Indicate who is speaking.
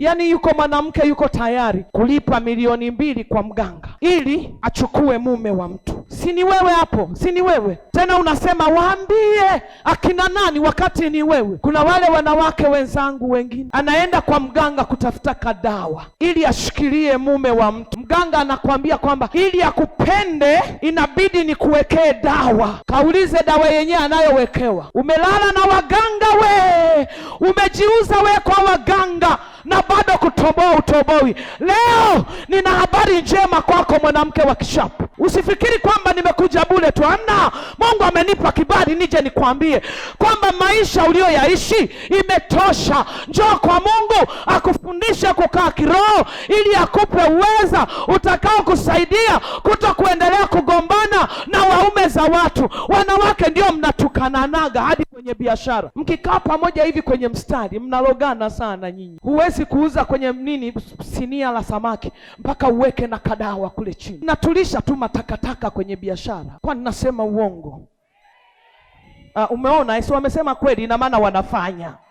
Speaker 1: Yaani yuko mwanamke yuko tayari kulipa milioni mbili kwa mganga ili achukue mume wa mtu. Si ni wewe hapo? Si ni wewe tena? Unasema waambie akina nani wakati ni wewe? Kuna wale wanawake wenzangu wengine, anaenda kwa mganga kutafuta kadawa ili ashikilie mume wa mtu. Mganga anakwambia kwamba ili akupende inabidi nikuwekee dawa. Kaulize dawa yenyewe anayowekewa. Umelala na waganga we, umejiuza we kwa waganga na bado kutoboa utoboi. Leo nina habari njema kwako, mwanamke wa Kishapu. Usifikiri kwamba nimekuja bure tu, amna. Mungu amenipa kibali nije nikwambie kwamba maisha uliyoyaishi imetosha. Njoo kwa Mungu akufundishe kukaa kiroho, ili akupe uweza utakao kusaidia kuto waume za watu, wanawake ndio mnatukananaga hadi kwenye biashara. Mkikaa pamoja hivi kwenye mstari mnalogana sana nyinyi. Huwezi kuuza kwenye nini sinia la samaki mpaka uweke na kadawa kule chini. natulisha tu matakataka kwenye biashara. kwa ninasema uongo? Uh, umeona si wamesema kweli, ina maana wanafanya